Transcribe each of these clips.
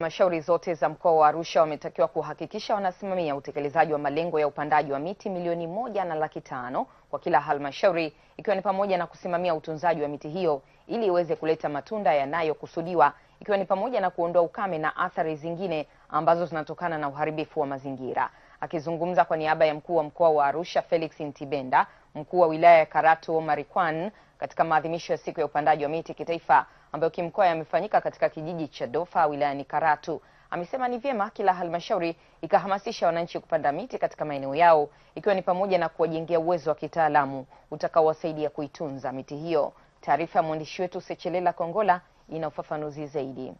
Halmashauri zote za mkoa wa Arusha wametakiwa kuhakikisha wanasimamia utekelezaji wa malengo ya upandaji wa miti milioni moja na laki tano kwa kila halmashauri ikiwa ni pamoja na kusimamia utunzaji wa miti hiyo ili iweze kuleta matunda yanayokusudiwa ikiwa ni pamoja na kuondoa ukame na athari zingine ambazo zinatokana na uharibifu wa mazingira. Akizungumza kwa niaba ya mkuu wa mkoa wa Arusha Felix Ntibenda, mkuu wa wilaya ya Karatu Omar Kwan katika maadhimisho ya siku ya upandaji wa miti kitaifa ambayo kimkoa yamefanyika katika kijiji cha Dofa wilayani Karatu. Amesema ni vyema kila halmashauri ikahamasisha wananchi kupanda miti katika maeneo yao ikiwa ni pamoja na kuwajengea uwezo wa kitaalamu utakaowasaidia kuitunza miti hiyo. Taarifa ya mwandishi wetu Sechelela Kongola ina ufafanuzi zaidi.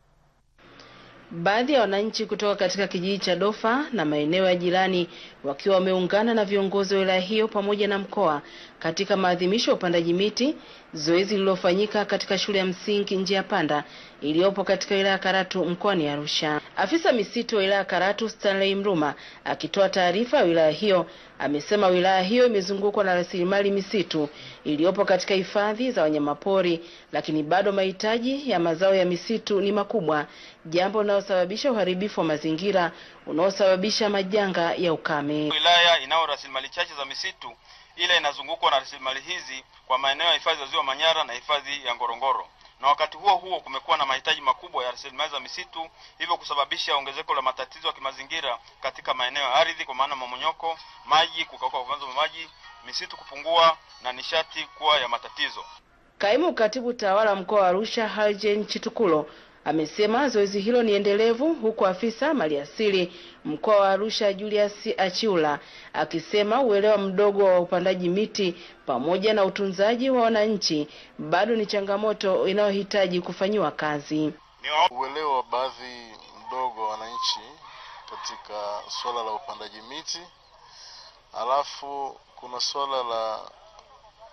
Baadhi ya wananchi kutoka katika kijiji cha Dofa na maeneo ya jirani wakiwa wameungana na viongozi wa wilaya hiyo pamoja na mkoa katika maadhimisho ya upandaji miti, zoezi lililofanyika katika shule ya msingi Njia Panda iliyopo katika wilaya ya Karatu mkoani Arusha. Afisa misitu wa wilaya ya Karatu Stanley Mruma akitoa taarifa ya wilaya hiyo amesema wilaya hiyo imezungukwa na rasilimali misitu iliyopo katika hifadhi za wanyamapori, lakini bado mahitaji ya mazao ya misitu ni makubwa, jambo na yanayosababisha uharibifu wa mazingira unaosababisha majanga ya ukame. Wilaya inayo rasilimali chache za misitu, ila inazungukwa na rasilimali hizi kwa maeneo ya hifadhi za Ziwa Manyara na hifadhi ya Ngorongoro na wakati huo huo kumekuwa na mahitaji makubwa ya rasilimali za misitu, hivyo kusababisha ongezeko la matatizo ya kimazingira katika maeneo ya ardhi, kwa maana mamonyoko, maji, kukauka kwa vyanzo vya maji, misitu kupungua na nishati kuwa ya matatizo. Kaimu katibu tawala mkoa wa Arusha Haljen Chitukulo Amesema zoezi hilo ni endelevu, huku afisa maliasili mkoa wa Arusha Julius Achiula akisema uelewa mdogo wa upandaji miti pamoja na utunzaji wa wananchi bado ni changamoto inayohitaji kufanyiwa kazi. Uelewa wa baadhi mdogo wa wananchi katika swala la upandaji miti, alafu kuna swala la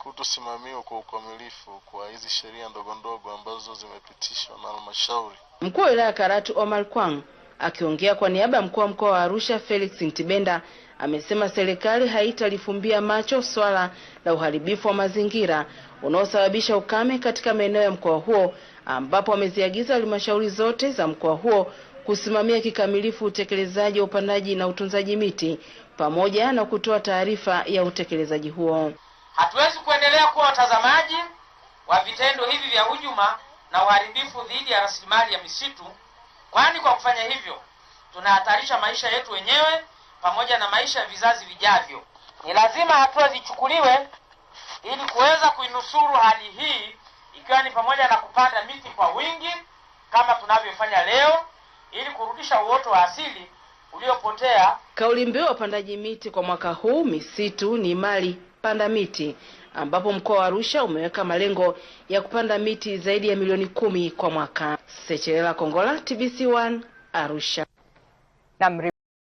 kutosimamiwa kwa ukamilifu kwa hizi sheria ndogo ndogo ambazo zimepitishwa na halmashauri. Mkuu wa wilaya Karatu Omar Kwang akiongea kwa niaba ya mkuu wa mkoa wa Arusha Felix Ntibenda amesema serikali haitalifumbia macho swala la uharibifu wa mazingira unaosababisha ukame katika maeneo ya mkoa huo, ambapo ameziagiza halmashauri zote za mkoa huo kusimamia kikamilifu utekelezaji wa upandaji na utunzaji miti pamoja na kutoa taarifa ya utekelezaji huo. Hatuwezi kuendelea kuwa watazamaji wa vitendo hivi vya hujuma na uharibifu dhidi ya rasilimali ya misitu, kwani kwa kufanya hivyo tunahatarisha maisha yetu wenyewe pamoja na maisha ya vizazi vijavyo. Ni lazima hatua zichukuliwe ili kuweza kuinusuru hali hii, ikiwa ni pamoja na kupanda miti kwa wingi kama tunavyofanya leo ili kurudisha uoto wa asili uliopotea. Kauli mbiu ya upandaji miti kwa mwaka huu, misitu ni mali kupanda miti ambapo mkoa wa Arusha umeweka malengo ya kupanda miti zaidi ya milioni kumi kwa mwaka. Sechelela Kongola, TBC1, Arusha.